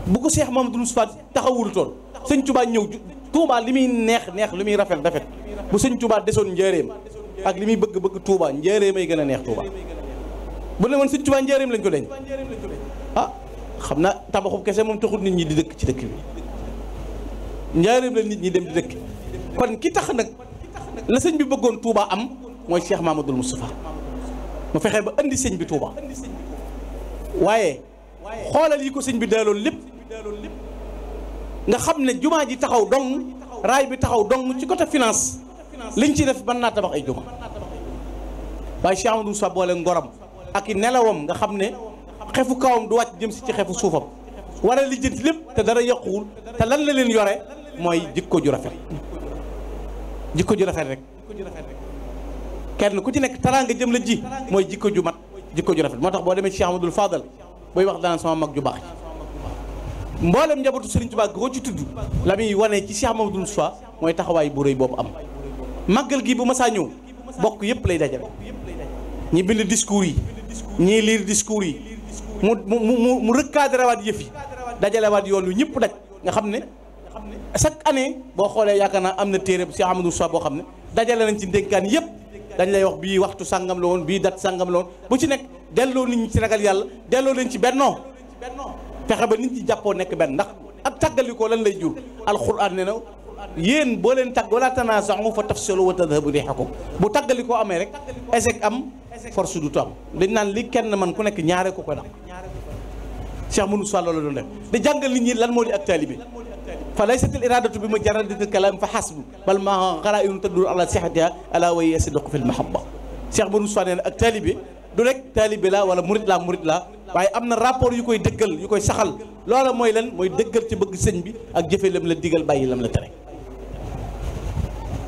Speaker 1: bu ko seex Cheikh Mamadou Moustapha taxawulutoon sëñ Touba ñëw Touba li muy neex neex li muy rafet rafet bu sëñ Touba desoon njëreem ak li muy bëgg-bëgg tuubaa njëreem ay gën a neex Touba bu ne woon sëñ Touba njëreem lañ ko leen ah xam na tabaxub kese moom taxul nit ñi di dëkk ci dëkk bi njëreem la nit ñi dem di dëkk kon ki tax nag la sëñ bi bëggoon tuubaa am mooy Cheikh Mamadou Moustapha mu fexe ba andi sëñ bi Touba. waaye xoolal yi ko sëñ bi daaloon lépp nga xam ne jumaa ji taxaw dong raay bi taxaw dong ci côté finance liñ ci def ban naa tabax ay jumaa waaye Cheikh Amadou Moussa boole ngorom ak i nelawam nga xam ne xefu kawam du wàcc jëm si ci xefu suufam war a lijjanti lépp te dara yàquwul te lan la leen yore mooy jikko ju rafet jikko ju rafet rek kenn ku ci nekk taraanga jëm la ji mooy jikko ju mat jikko ju rafet moo tax boo demee ci Cheikh Amadou Fadal booy wax daan sama mag ju baax ji mboolem njabootu Serigne Touba goo ci tudd la muy wanee ci Cheikh Amadou Moustapha mooy taxawaay bu rëy boobu am màggal gi bu saa ñëw bokk yëpp lay dajale ñi bind discours yi ñii lire discours yi mu mu mu mu recadré waat yëf yi dajale waat yoon wi ñëpp daj nga xam ne chaque année boo xoolee yaakaar naa am na téere Cheikh Amadou Moustapha boo xam ne dajale nañ ci ndénkaan yëpp. dañ lay wax bii waxtu sàngam la woon bii dat sàngam la bu ci nekk delloo nit ñi ci ragal yàlla delloo leen ci bennoo fexe ba nit ñi jàppoo nekk benn ndax ak tàggalikoo lan lay jur alxuraan ne na yéen boo leen tàgg wala tanaasaxu fa tafsilu wa tadhabu riixakum bu tàggalikoo amee rek échec am force du am dañ naan li kenn man ku nekk ñaaree ko ko nag شيخ منصور الله لولا دي جانغال نيت ني لان مودي اك طالبي فليست الاراده بما جرد الكلام فحسب بل ما غرائن تدور على صحتها الا وهي صدق في المحبه شيخ منصور الله اك طالبي دو ريك طالبي لا ولا مريد لا مريد لا باي امنا رابور يكوي دغال يكوي سخال لولا موي لان موي دغال تي بغ سيغ بي اك جيفه لم لا ديغال باي لم لا تري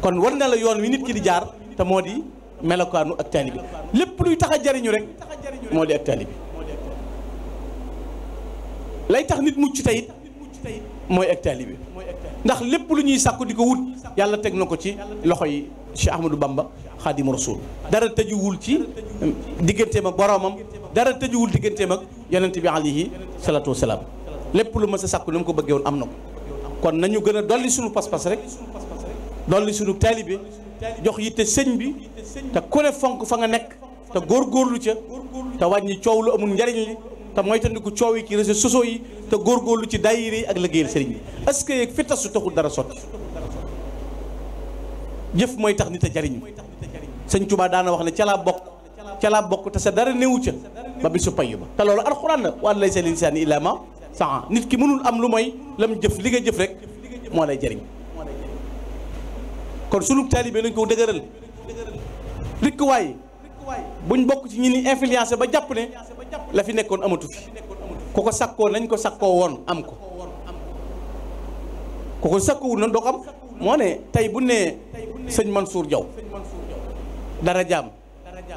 Speaker 1: كون ورنا لا يون وي نيت كي دي جار تا مودي ملوكانو اك طالبي لب لوي تاخا جاريني ريك مودي اك طالبي lay tax nit mucc tey mooy ak taalibe ndax lépp lu ñuy sàkku di ko wut yàlla teg na ko ci loxo yi Cheikh Ahmadou Bamba xaadimu rasul dara tëjuwul ci digganteem ak boromam dara tëjuwul digganteem ak yonent bi alayhi salaatu wasalaam lépp lu ma sa sàkku ni mu ko bëggee woon am na ko kon nañu gën a dolli suñu pas-pas rek dolli suñu taalibe jox yitte sëñ bi te ku ne fonk fa nga nekk te góorgóorlu ca te wàññi coow lu amul njariñ li te moytandiku coow yi ci réseaux sociaux yi te góorgóorlu ci daayira ak liggéeyal sëriñ bi est-ce que yeeg fi dara sotti jëf mooy tax nit a jariñu sëñ Tuubaa daana wax ne ca laa bokk ca laa bokk te sa dara néewu ca ba bi su payu ba te loolu alxuraan la wa laysa linsaani illaa maa sa'a nit ki mënul am lu mooy lam jëf li nga jëf rek moo lay jariñ kon sunu taalibe nañ ko dëgëral rikk waaye buñ bokk ci ñi ni influencé ba jàpp ne la fi nekkoon amatu fi ku ko sakkoo lañ ko sakkoo woon am ko ku ko sakkoowul noonu doo ko am moo ne tey bu nee sëñ Mansour Diaw dara jaam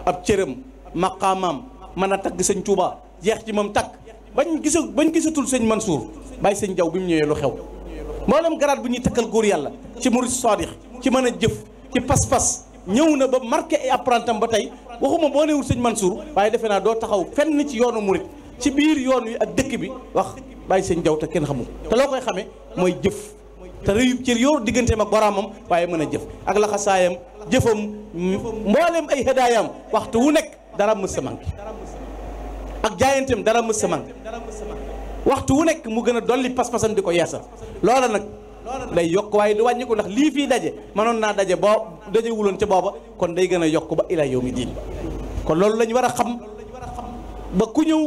Speaker 1: ab cëram maqaamaam mën a tagg sëñ Touba jeex ci moom takk bañ gisa bañ gisatul sëñ Mansour bàyyi sañ Diaw bi mu ñëwee lu xew mboolem garaat bu ñuy takkal góor yàlla ci murid saadix ci mën a jëf ci pas-pas ñëw na ba marqué ay apprentam ba tey waxuma boo newul sëñ Mansour waaye defe naa doo taxaw fenn ci yoonu mu murit ci biir yoon wi ak dëkk bi wax bàyyi sëñ jaw te kenn xamul te loo koy xamee mooy jëf te réyub cër yow digganteem ak boroomam waaye mën a jëf ak laxasaayam jëfam mboolem ay hëdaayaam waxtu wu nekk dara mës sa manqué ak jaayanteem dara mës sa manqué waxtu wu nekk mu gën a dolli pas-pasam di ko yeesal loola nag day yokk waaye du wàññi ko ndax lii fii daje manoon naa daje boo dajewuloon ca booba kon day gën a yokk ba ila yawmi diin kon loolu lañu war a xam ba ku ñëw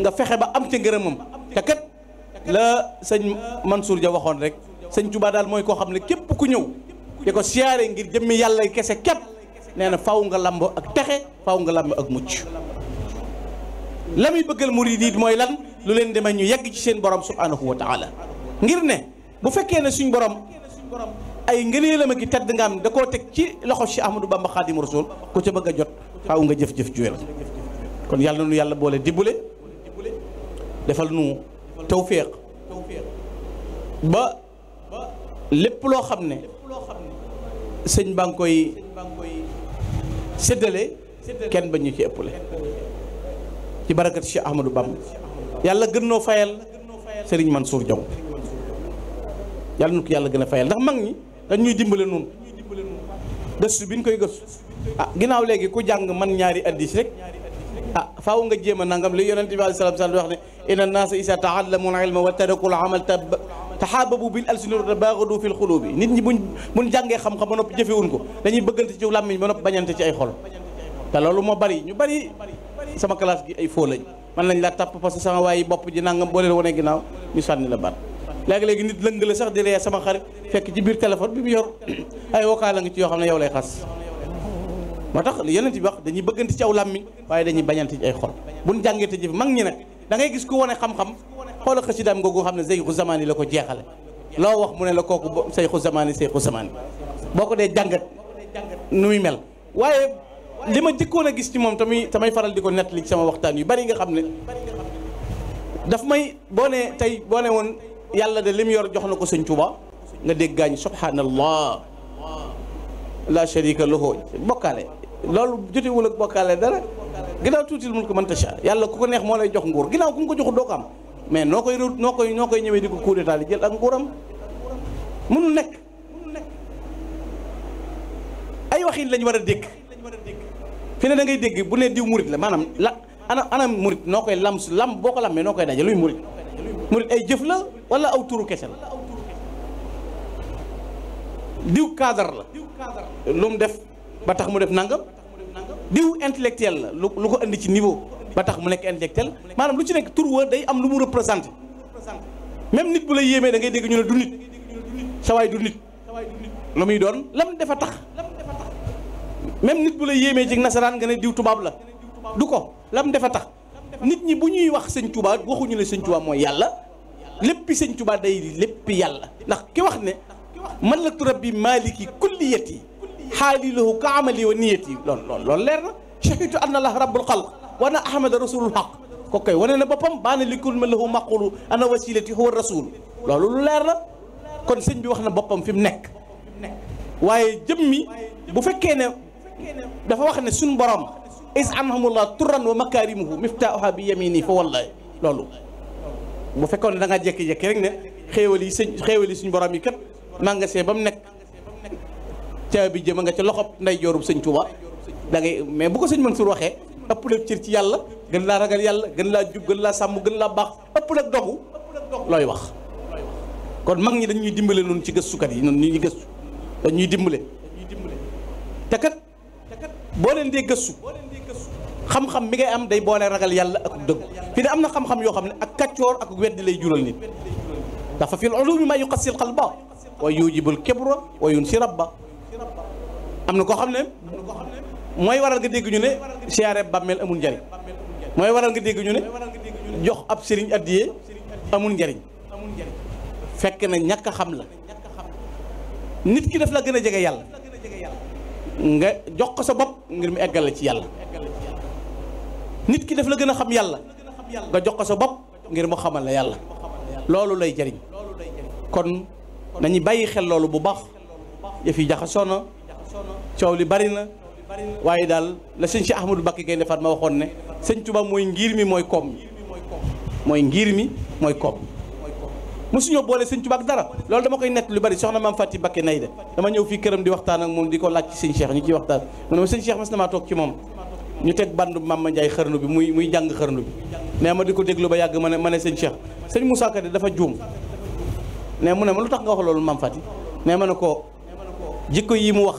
Speaker 1: nga fexe ba am ca ngërëmam te kat la sëñ Mansour ja waxoon rek sëñ Tuubaa daal mooy koo xam ne képp ku ñëw di ko siyaare ngir jëmmi yàlla kese képp nee na faw nga lamb ak texe faw nga lamb ak mucc la muy bëggal murid yi mooy lan lu leen demee ñu yegg ci seen borom subhanahu wa taala ngir ne bu fekkee ne suñ borom ay ngëneelam ak tedd nga am da koo teg ci loxo si Ahmadou Bamba Xaadimu Rasuul ku ca bëgg a jot faw nga jëf-jëf juwel kon yàlla nu yàlla boole dimbale defal nu tawféex ba lépp loo xam ne sëñ baa ngi koy séddale kenn ba ñu ci ëppale ci barakat Cheikh Ahmadou Bamba yàlla gën noo fayal man Mansour Diong yàlla nu ko yàlla gën a fayal ndax mag ñi dañ ñuy dimbale noonu gëstu bi ñu koy gëstu ah ginnaaw léegi ku jàng man ñaari addis rek ah faaw nga jéem a nangam li yonent bi alayhi salaam wax ne inna naasa isa taallamu al ilma wa taraku al amal taxaababu bil alsinati wa tabaagadu fil bi nit ñi bu buñ jàngee xam-xam ba noppi jëfewuñ ko dañuy bëggante ci làmmiñ ba noppi bañante ci ay xol te loolu moo bari ñu bari sama classe gi ay foo lañ man lañ laa tàpp parce que sama waayi bopp nangam boo leen wane ginnaaw ñu sànni la baat léegi-léegi nit lëng la sax di lee sama xarit fekk ci biir téléphone bi mu yor ay wokkaala nga ci yoo xam ne yow lay xas moo tax yeneen ci wax dañuy bëggante ci aw waaye dañuy bañante ci ay xol buñ jàngee te jëf mag ñi nag da ngay gis ku wane xam-xam xoola xasidaam googu xam ne seyxu zamaan yi la ko jeexale loo wax mu ne la kooku seyxu zamaan yi seyxu zamaan yi boo ko dee jàngat nu muy mel waaye li ma jëkkoon a gis ci moom tamit tamay faral di ko nettali sama waxtaan yu bari nga xam ne daf may boo ne tey boo ne woon yàlla de lim yor jox na ko sëñ Tuuba nga dégg gaañ subhanallah la sharika lahu bokkaale loolu jotewul ak bokkaale dara ginnaaw tuutil mun ko mën tasha yàlla ku ko neex moo lay jox nguur ginnaaw ku mu ko joxu doo ko am mais noo koy rëw noo koy noo koy ñëwee di ko coup d'état jël ak nguuram mënul nekk ay waxin lañ war a dégg fi ne da ngay dégg bu ne diw murit la maanaam la ana ana murit noo koy lam lam boo ko lammee noo koy daje luy murit mu murit ay jëf la wala aw turu kese la diw cadre la lu mu def ba tax mu def nangam diw intellectuel la lu ko indi ci niveau ba tax mu nekk intellectuel maanaam lu ci nekk tur wa day am lu mu représenté même nit bu la yéemee da ngay dégg ñu ne du nit sawaay du nit lu muy doon la lam dafa tax même nit bu la yéemee ci nasaraan nga ne diw tubaab la du ko la lam dafa tax nit ñi bu ñuy wax sëñ Touba waxuñu ne sëñ Touba mooy yàlla léppi sëñ Touba day lépp yàlla ndax ki wax ne man la turab bi maliki kulliyati xaali lahu ka amali wa niyati lool lool loolu leer na shahitu anna allah rab xalq wa anna ahmada rasulul xaq ko koy wane na boppam baana li kul ma lahu maqulu ana wasilati huwa rasul loolu lu leer la kon sëñ bi wax na boppam fi mu nekk waaye jëmmi bu fekkee ne dafa wax ne suñ borom is amhamullah turan wa makarimuhu miftahuha bi yamini fa wallahi loolu bu fekkone da nga jek jek rek ne xewali yi sëñ xéewal suñu borom yi kat se bam nek tiabi je ma nga ci loxop nday jorum sëñ Tuuba da ngay mais bu ko Mansour waxe ëpp la ci ci yalla gën la ragal yalla gën la gën la sam gën la bax ëpp doxu loy wax kon mag ñi dañuy dimbalé non ci kat yi non ñi gëssu dañuy dimbalé te kat bo leen dé gëssu xam-xam mi ngay am day boole ragal yàlla ak dëgg fi ne am na xam-xam yoo xam ne ak kàccoor ak weddi lay jural nit dafa fil ulumi ma yuqassil qalba wa yujibul kibra wa yunsi rabba am na koo xam ne mooy waral nga dégg ñu ne siyaare bàmmeel amul njariñ mooy waral nga dégg ñu ne jox ab sëriñ addiye amul njariñ fekk na ñàkk xam la nit ki daf la gën a jege yàlla nga jox ko sa bopp ngir mu eggal la ci yàlla nit ki daf la gën a xam yàlla nga jox ko sa bopp ngir mu xamal la yàlla loolu lay jariñ kon na nañu bàyyi xel loolu bu baax yëf yi jaxasoo na coow li bari na waaye daal la sëñ si Ahmadou Bakki defaat ma waxoon ne sëñ Tuba mooy ngir mi mooy koom mooy ngir mi mooy koom mosuñoo boole sëñ Tuba ak dara loolu dama koy nekk lu bari soxna maam Fati Bakke nay de dama ñëw fii këram di waxtaan ak moom di ko laaj ci sëñ Cheikh ñu ciy waxtaan mu ne ma sëñ Cheikh toog ci moom ñu teg bandu Mama Ndiaye xërnu bi muy muy jàng xërnu bi nee ma di ko déglu ba yàgg ma ne ma ne sëñ Cheikh sëñ Moussa Kadi dafa juum ne mu ne ma lu tax nga wax loolu Mame Faty nee ma ne ko jikko yi mu wax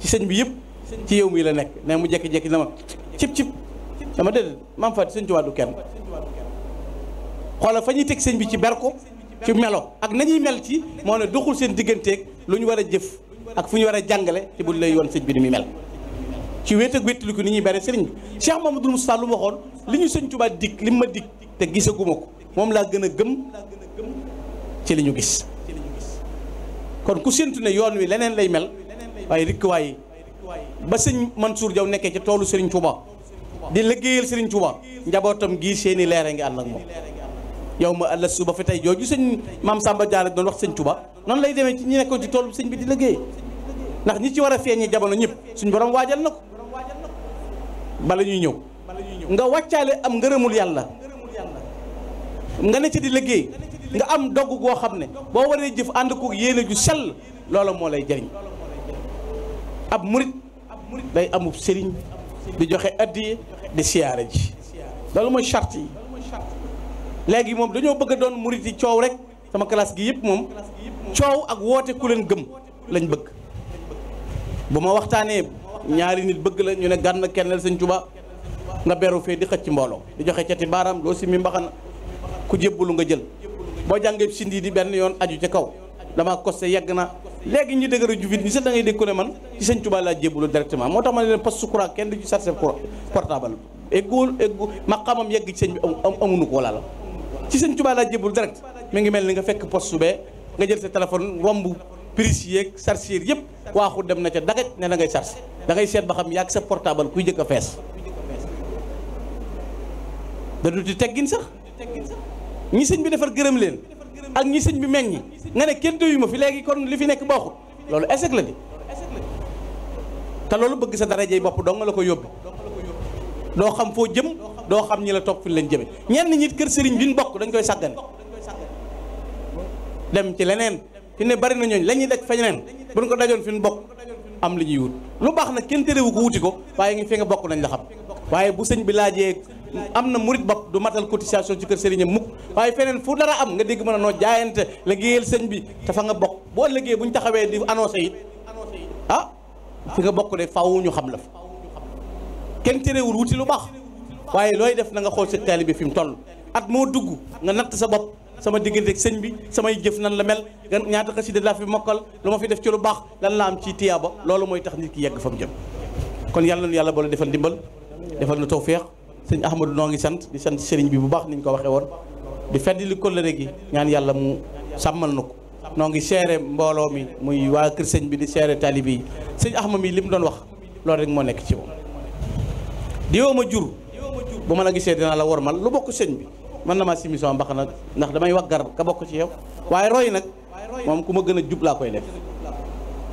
Speaker 1: ci sëñ bi yëpp ci yow mii la nekk nee mu jekki-jekki na ma cib cib dama déedéet Mame Faty sëñ Tuubaa du kenn xoolal fa ñuy teg sëñ bi ci ber ko ci melo ak na ñuy mel ci moo ne doxul seen digganteeg lu ñu war a jëf ak fu ñu war a jàngale ci bu lay yoon sëñ bi ni ci wéet ak wéetaliku ni ñuy bere sëriñ bi Cheikh Mamadou Moussa lu ma waxoon li ñu sëñ Tuubaa dig li ma dig te gisaguma ko moom laa gën a gëm ci li ñu gis kon ku séntu ne yoon wi leneen lay mel waaye rikkuwaay ba sëñ man suur Diaw nekkee ci toolu sëriñ Tuubaa di liggéeyal sëriñ tubaa njabootam gii seeni leere ngi ànd ak moom yow ma àll suba fi tey jooju sëñ maam Samba Diarra doon wax sëñ Tuubaa noonu lay demee ci ñi nekkoon ci toolu sëñ bi di liggéey ndax ñi ci war a feeñee jamono ñëpp suñ borom waajal na ko bala ñuy ñëw nga wàccaale am ngërëmul yàlla nga ne ci di liggéey nga am dogg goo xam ne boo waree jëf ànd ko yéene ju sell loola moo lay jariñ ab murit day amub sëriñ di joxe addiye di siyaare ji loolu mooy charte yi léegi moom dañoo bëgg doon murit yi coow rek sama classe gi yëpp moom coow ak woote ku leen gëm lañ bëgg bu ma waxtaanee ñaari nit bëgg la ñu ne gànn kennel sëñ Tuubaa nga beru fee di xëcc mbooloo di joxe cati baaraam loo si mi mbaxana ku jébbalu nga jël boo jàngee sindi di benn yoon aju ca kaw damaa costé yegg na léegi ñu dëgëru juvit ñi sax da ngay man ci sëñ Tuubaa laa jébbalu directement moo tax ma ne leen poste courant kenn du ci chargé portable eggul eggu ma xamam yegg ci sëñ bi amuñu ko la ci sëñ Tuubaa laa jébbalu direct mi ngi mel ni nga fekk poste su bee nga jël sa téléphone romb prise yéeg chargeur yëpp waaxu dem na ca dagaj ne na ngay charge dangay seet ba xam yaa sa portable kuy jëkk a fees da du di teggin sax ñi sëñ bi defar gërëm leen ak ñi sëñ bi meññi nga ne kenn doyu ma fi léegi kon li fi nekk baaxut loolu échec la di te loolu bëgg sa darajey bopp dong nga la ko yóbbi doo xam foo jëm doo xam ñi la topp fi lañ jëme ñenn ñit kër sëriñ bi ñu bokk dañ koy sàggane dem ci leneen fi ne bari na ñooñ la ñuy daj feneen buñ ko dajoon fi ñu bokk am li ñuy wut lu baax nag kenn téréwu ko ko waaye ngi fi nga bokk nañ la xam waaye bu sëñ bi laajee am na murit bopp du matal cotisation ci kër sëriñam mukk waaye feneen fu dara am nga dégg mën a noo jaayante liggéeyal sëñ bi te nga bokk boo liggéey bu ñu taxawee di annoncé it ah fi nga bokk de ñu xam la fa kenn téréwul wuti lu baax waaye looy def na nga xool sa taalibe bi fi mu toll at moo dugg nga natt sa bopp sama diggante sëñ bi sama jëf nan la mel ñaata xasida laa fi mokal luma fi def ci lu bax lan la am ci tiyaba loolu moy tax nit ki yegg fam jëm kon ñu yalla bo la defal dimbal defal na tawfiq sëñ Ahmadou noo ngi sant di sant sëriñ bi bu bax ni ko waxee won di feddi li kóllëre gi ñaan yalla mu samal ngi mi muy wa kër sëñ bi di seere taalibe yi sëñ mi lim doon wax lool rek mo nekk ci moom. diwoo ma jur bu ma la gisee dina la wormal lu bokk sëñ bi. mën na ma simi sama mbax ndax damay waggar ka bokk ci yow waaye roy nag moom ku ma gën a jub laa koy def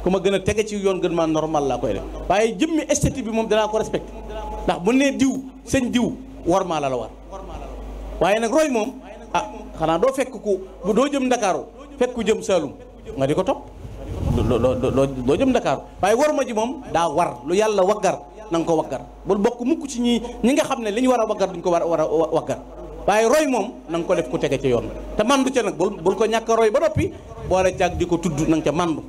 Speaker 1: ku ma gën a tege ci yoon gën maa normal laa koy def waaye jëmmi esthétique bi moom danaa ko respecté ndax bu nee diw sëñ diw war maa la la war waaye nag roy moom ah xanaa doo fekk ku doo jëm ndakaaru fekk ku jëm Saalum nga di ko topp doo jëm ndakaaru waaye war ma ji moom daa war lu yàlla waggar na nga ko waggar bul bokk mukk ci ñi ñi nga xam ne li ñu war a waggar duñ ko war a war a waggar waaye roy moom na nga ko def ku tege ci yoon te mandu ca nag bul bul ko ñàkk roy ba noppi boole caag di ko tudd na nga ca mandu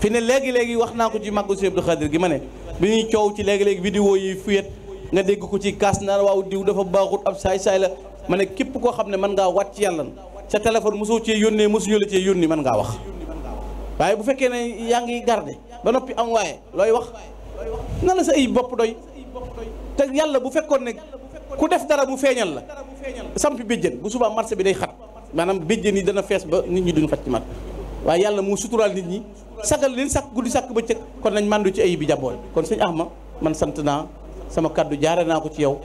Speaker 1: fi ne léegi-léegi wax naa ko ci màggu Sëñ Abdou Khadir gi ma ne bi ñuy coow ci léegi-léegi vidéo yi fuyet nga dégg ko ci kaas na waaw diw dafa baaxut ab saay la ma ne képp koo xam ne mën ngaa wat ci yàlla sa téléphone mosoo cee yónnee mosuñu la cee yónni man ngaa wax waaye bu fekkee ne yaa ngi garde ba noppi am waaye looy wax na la sa ay bopp doy te yàlla bu fekkoon ne ku def dara mu feeñal la samp béjjën bu subaa marché bi day xat maanaam béjjën yi dana fees ba nit ñi duñ xat ci marché waaye yàlla moo suturaal nit ñi sagal leen sakk guddi sakk bëccëg kon nañ màndu ci ayib bi jàmboole kon sëñ Axma man sant naa sama kàddu jaare naa ko ci yow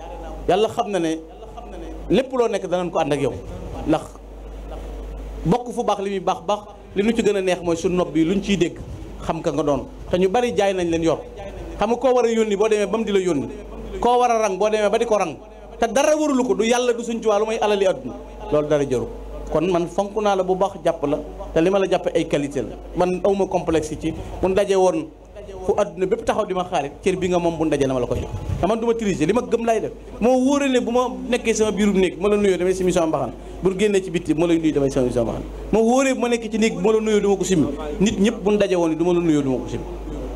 Speaker 1: yàlla xam na ne lépp loo nekk danañ ko ànd ak yow ndax bokk fu baax li muy baax baax li nu ci gën a neex mooy su nopp lu ñu ciy dégg xam ka nga doon te ñu bari jaay nañ leen yor xam nga koo war a yónni boo demee ba mu di la yónni koo war a rang demee ba di ko rang te dara warulu ko du yàlla du suñ ci wàllu mooy alali adduna loolu dara jaru kon man fonk naa la bu baax jàpp la te li ma la jàppe ay qualité la man awma complexe ci mun daje woon fu adduna bépp taxaw di ma xaarit cër bi nga moom bu ndaje la ma la ko jox te man du ma li ma gëm laay def moo wóoree ne bu ma nekkee sama biirum néeg bu ma la nuyoo damay simi sama mbaxan bu génnee ci bitti bu ma lay nuyu damay simi sama mbaxan moo wóoree bu nit ñëpp bu ndaje ma la nuyoo du ma ko simi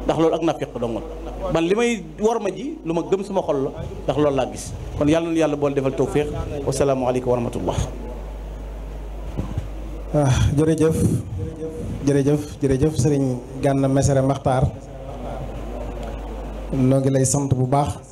Speaker 1: ndax loolu ak nafiq dongoon man li may war ma ji lu ma gëm sama xol la ndax loolu laa gis kon yàlla na yàlla boole defal tawféex wasalaamualeykum wa rahmatullah. ah jërëjëf jërëjëf jërëjëf sëriñ Gana Messere Maxtaar noo ngi lay sant bu baax.